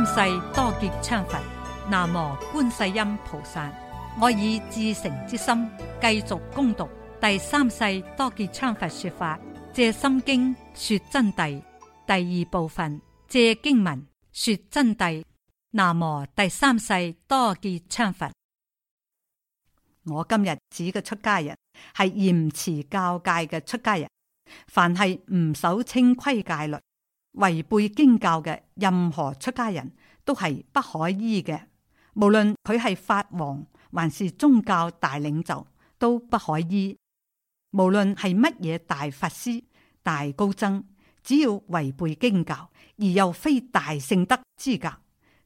三世多杰羌佛，南無觀世音菩薩。我以至誠之心，繼續攻讀第三世多杰羌佛說法《藉心經》說真諦第二部分《藉經文說真諦》，南無第三世多杰羌佛。我今日指嘅出家人係嚴持教戒嘅出家人，凡係唔守清規戒律，違背經教嘅任何出家人都係不可依嘅，無論佢係法王還是宗教大領袖，都不可依。無論係乜嘢大法師、大高僧，只要違背經教，而又非大聖德資格，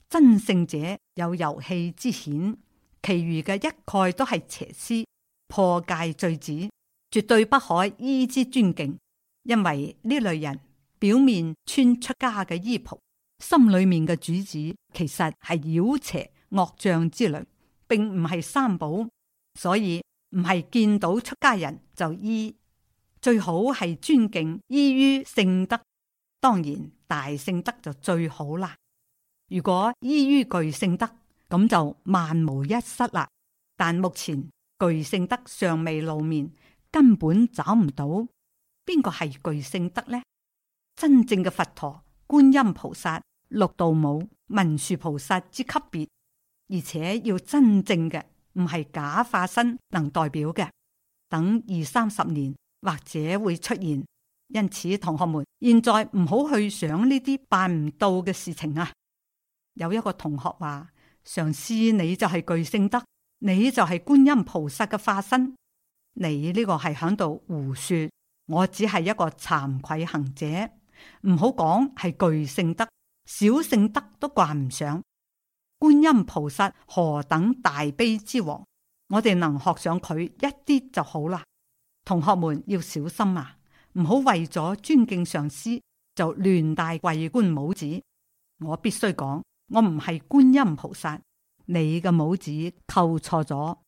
真聖者有遊戲之險，其餘嘅一概都係邪師破戒罪子，絕對不可依之尊敬，因為呢類人。表面穿出家嘅衣袍，心裏面嘅主旨其實係妖邪惡將之類，並唔係三寶，所以唔係見到出家人就依。最好係尊敬依於聖德，當然大聖德就最好啦。如果依於巨聖德，咁就萬無一失啦。但目前巨聖德尚未露面，根本找唔到邊個係巨聖德呢？真正嘅佛陀、觀音菩薩、六道母、文殊菩薩之級別，而且要真正嘅，唔係假化身能代表嘅。等二三十年或者會出現，因此同學們現在唔好去想呢啲辦唔到嘅事情啊！有一個同學話，上師你就係巨聖德，你就係觀音菩薩嘅化身，你呢個係響度胡說，我只係一個慚愧行者。唔好講係巨聖德，小聖德都掛唔上。觀音菩薩何等大悲之王，我哋能學上佢一啲就好啦。同學們要小心啊，唔好為咗尊敬上師就亂戴桂冠帽子。我必須講，我唔係觀音菩薩，你嘅帽子扣錯咗。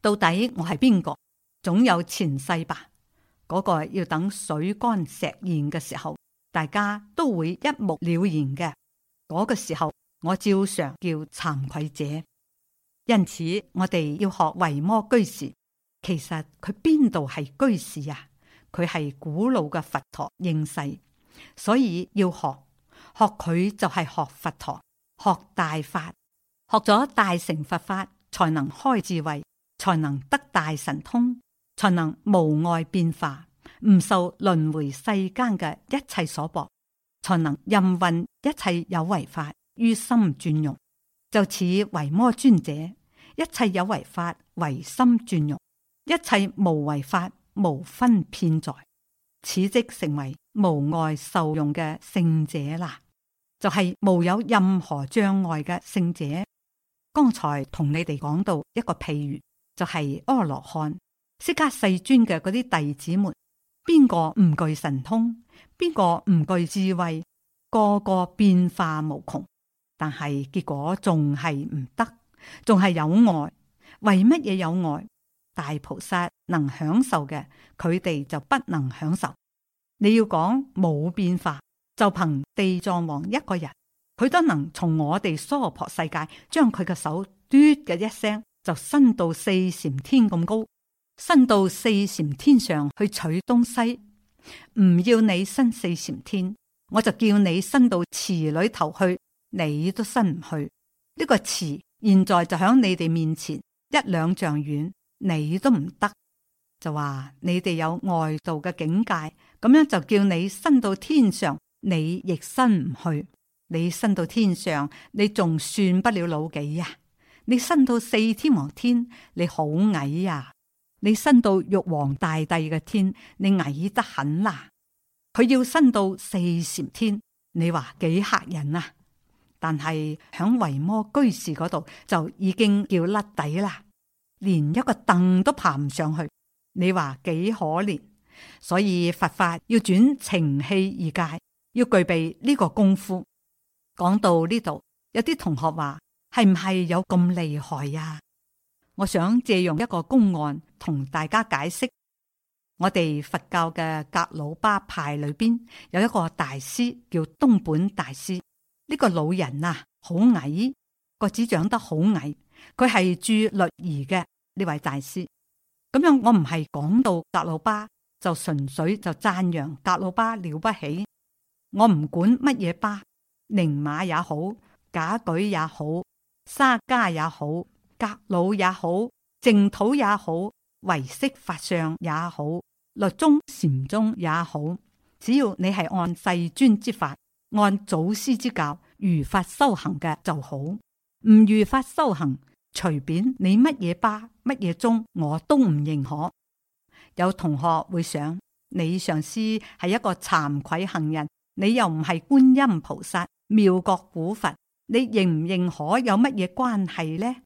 到底我係邊個？總有前世吧。嗰個要等水乾石現嘅時候。大家都會一目了然嘅，嗰、那個時候我照常叫慚愧者，因此我哋要學維摩居士。其實佢邊度係居士啊？佢係古老嘅佛陀應世，所以要學學佢就係學佛陀，學大法，學咗大乘佛法，才能開智慧，才能得大神通，才能無礙變化。唔受輪回世間嘅一切所博，才能任運一切有為法於心轉用。就似唯摩尊者，一切有為法為心轉用，一切無為法無分片在，此即成為無礙受用嘅聖者啦。就係、是、無有任何障礙嘅聖者。剛才同你哋講到一個譬如，就係、是、阿羅漢識加世尊嘅嗰啲弟子們。邊個唔具神通？邊個唔具智慧？個個變化無窮，但係結果仲係唔得，仲係有礙。為乜嘢有礙？大菩薩能享受嘅，佢哋就不能享受。你要講冇變化，就憑地藏王一個人，佢都能從我哋娑婆世界將，將佢嘅手嘟嘅一聲，就伸到四禪天咁高。伸到四禪天上去取東西，唔要你伸四禪天，我就叫你伸到池裏頭去，你都伸唔去。呢個池現在就響你哋面前一兩丈遠，你都唔得。就話你哋有外道嘅境界，咁樣就叫你伸到天上，你亦伸唔去。你伸到天上，你仲算不了老幾呀？你伸到四天王天，你好矮呀？你升到玉皇大帝嘅天，你矮得很啦。佢要升到四禪天，你話幾吓人啊？但係響維摩居士嗰度就已經叫甩底啦，連一個凳都爬唔上去。你話幾可憐？所以佛法要轉情器二界，要具備呢個功夫。講到呢度，有啲同學話係唔係有咁厲害呀？啊？我想借用一個公案同大家解釋。我哋佛教嘅格魯巴派裏邊有一個大師叫東本大師，呢個老人啊好矮，個子長得好矮，佢係住律儀嘅呢位大師。咁樣我唔係講到格魯巴，就純粹就讚揚格魯巴了不起。我唔管乜嘢巴，寧馬也好，假舉也好，沙加也好。格老也好，淨土也好，唯識法相也好，律宗禪宗也好，只要你係按世尊之法，按祖師之教，如法修行嘅，就好。唔如法修行，隨便你乜嘢巴乜嘢宗，我都唔認可。有同學會想，你上師係一個慚愧行人，你又唔係觀音菩薩、妙國古佛，你認唔認可有乜嘢關係呢？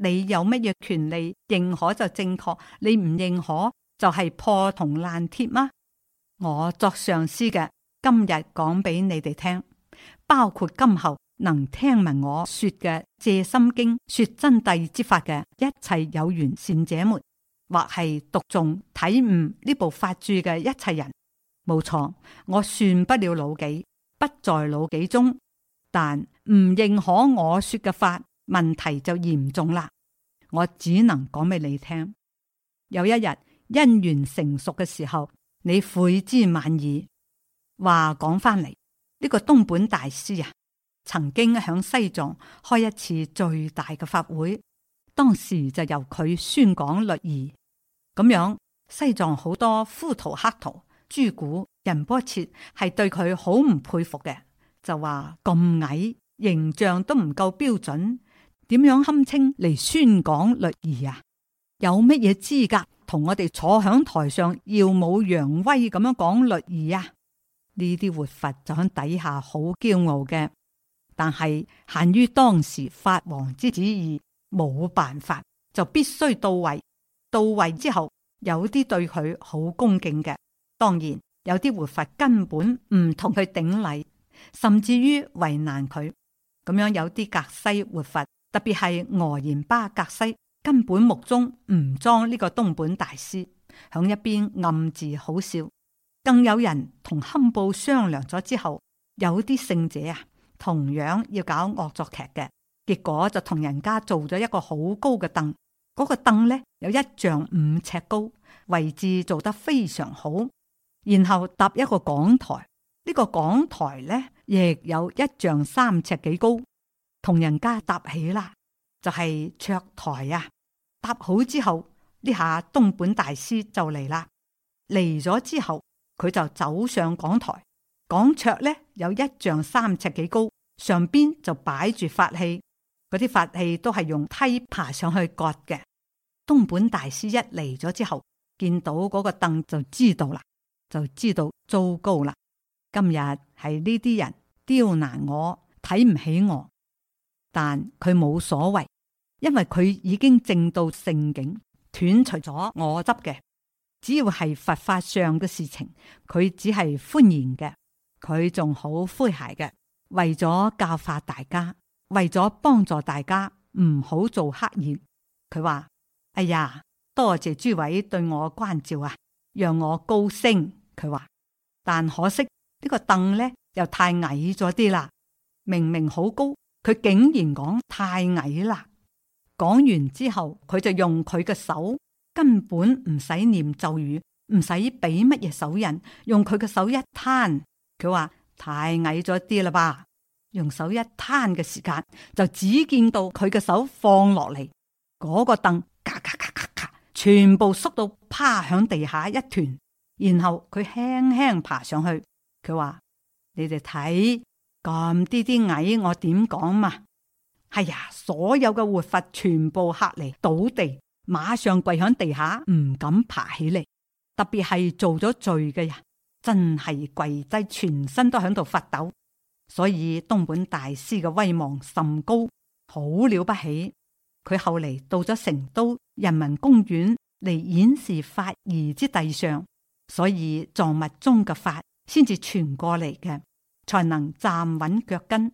你有乜嘢權利認可就正確，你唔認可就係、是、破銅爛鐵嗎？我作上司嘅，今日講俾你哋聽，包括今後能聽聞我說嘅《藉心經》說真諦之法嘅一切有緣善者們，或係讀誦體悟呢部法著嘅一切人，冇錯，我算不了老幾，不在老幾中，但唔認可我說嘅法，問題就嚴重啦，我只能講俾你聽。有一日因緣成熟嘅時候，你悔之晚矣。話講返嚟，呢、這個東本大師啊，曾經響西藏開一次最大嘅法會，當時就由佢宣講律儀。咁樣西藏好多呼圖克圖、朱古仁波切係對佢好唔佩服嘅，就話咁矮，形象都唔夠標準。點樣堪稱嚟宣講律儀啊？有乜嘢資格同我哋坐響台上耀武揚威咁樣講律儀啊？呢啲活佛就響底下好驕傲嘅，但係限於當時法王之旨意，冇辦法就必須到位。到位之後，有啲對佢好恭敬嘅，當然有啲活佛根本唔同佢頂禮，甚至於為難佢咁樣。有啲格西活佛。特別係俄言巴格西根本目中唔裝呢個東本大師，響一邊暗自好笑。更有人同堪布商量咗之後，有啲聖者啊，同樣要搞惡作劇嘅，結果就同人家做咗一個好高嘅凳，嗰個凳呢有一丈五尺高，位置做得非常好，然後搭一個講台，呢個講台呢亦有一丈三尺幾高。同人家搭起啦，就係、是、桌台呀、啊。搭好之後，呢下東本大師就嚟啦。嚟咗之後，佢就走上講台。講桌呢，有一丈三尺幾高，上邊就擺住法器。嗰啲法器都係用梯爬上去割嘅。東本大師一嚟咗之後，見到嗰個凳就知道啦，就知道糟糕啦。今日係呢啲人刁難我，睇唔起我。但佢冇所謂，因為佢已經證到聖境，斷除咗我執嘅。只要係佛法上嘅事情，佢只係歡迎嘅。佢仲好詼諧嘅，為咗教化大家，為咗幫助大家，唔好做黑業。佢話：哎呀，多謝諸位對我關照啊，讓我高升。佢話，但可惜，這個，呢個凳呢又太矮咗啲啦，明明好高。佢竟然講太矮啦！講完之後，佢就用佢嘅手，根本唔使念咒語，唔使畀乜嘢手印，用佢嘅手一攤，佢話太矮咗啲啦吧？用手一攤嘅時間，就只見到佢嘅手放落嚟，嗰個凳咔咔咔咔咔，全部縮到趴響地下一團，然後佢輕輕爬上去，佢話你哋睇。咁啲啲矮，我點講嘛？哎呀，所有嘅活佛全部嚇嚟，倒地，馬上跪喺地下，唔敢爬起嚟。特別係做咗罪嘅人，真係跪低，全身都喺度發抖。所以東本大師嘅威望甚高，好了不起。佢後嚟到咗成都人民公園嚟演示法儀之地上，所以藏密中嘅法先至傳過嚟嘅，才能站穩腳跟。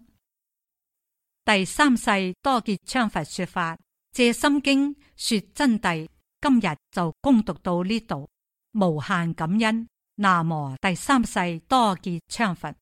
第三世多杰羌佛說法《藉心經》說真諦，今日就恭讀到呢度，無限感恩。南無第三世多杰羌佛。